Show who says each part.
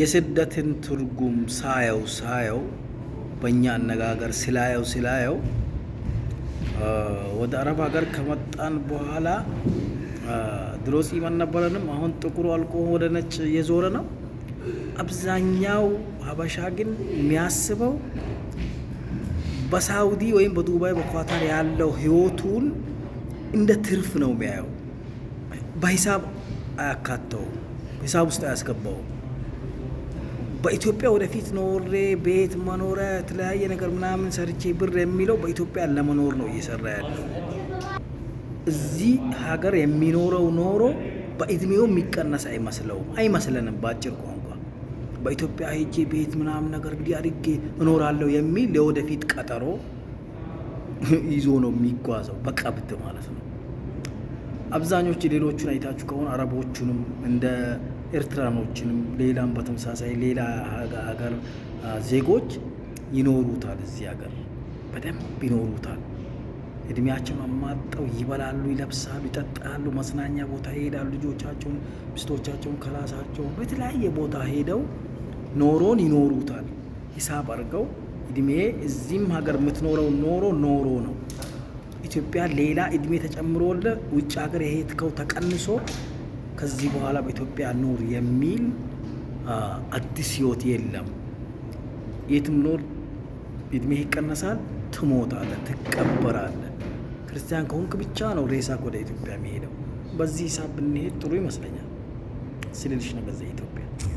Speaker 1: የስደትን ትርጉም ሳየው ሳየው በእኛ አነጋገር ስላየው ስላየው ወደ አረብ ሀገር ከመጣን በኋላ ድሮ ጺም አልነበረንም። አሁን ጥቁሩ አልቆ ወደ ነጭ እየዞረ ነው። አብዛኛው ሀበሻ ግን የሚያስበው በሳውዲ ወይም በዱባይ በኳታር ያለው ህይወቱን እንደ ትርፍ ነው የሚያየው። በሂሳብ አያካተው ሂሳብ ውስጥ አያስገባውም። በኢትዮጵያ ወደፊት ኖሬ ቤት መኖረ የተለያየ ነገር ምናምን ሰርቼ ብር የሚለው በኢትዮጵያ ለመኖር ነው እየሰራ ያለው። እዚህ ሀገር የሚኖረው ኖሮ በእድሜው የሚቀነስ አይመስለውም አይመስለንም። በአጭር ቋንቋ በኢትዮጵያ ሄጄ ቤት ምናምን ነገር እንዲህ አድጌ እኖራለሁ የሚል የወደፊት ቀጠሮ ይዞ ነው የሚጓዘው በቀብድ ማለት ነው። አብዛኞች ሌሎቹን አይታችሁ ከሆነ አረቦቹንም እንደ ኤርትራኖችንም ሌላም በተመሳሳይ ሌላ ሀገር ዜጎች ይኖሩታል። እዚህ ሀገር በደንብ ይኖሩታል። እድሜያቸውን አማጠው ይበላሉ፣ ይለብሳሉ፣ ይጠጣሉ፣ መዝናኛ ቦታ ይሄዳሉ። ልጆቻቸውን፣ ሚስቶቻቸውን ከራሳቸው በተለያየ ቦታ ሄደው ኖሮን ይኖሩታል። ሂሳብ አድርገው እድሜ እዚህም ሀገር የምትኖረው ኖሮ ኖሮ ነው። ኢትዮጵያ ሌላ እድሜ ተጨምሮለ ውጭ ሀገር የሄድከው ተቀንሶ ከዚህ በኋላ በኢትዮጵያ ኑር የሚል አዲስ ህይወት የለም። የትም ኖር እድሜህ ይቀነሳል፣ ትሞታለህ፣ ትቀበራለህ። ክርስቲያን ከሆንክ ብቻ ነው ሬሳክ ወደ ኢትዮጵያ የሚሄደው። በዚህ ሂሳብ ብንሄድ ጥሩ ይመስለኛል። ስልልሽ ነው በዛ ኢትዮጵያ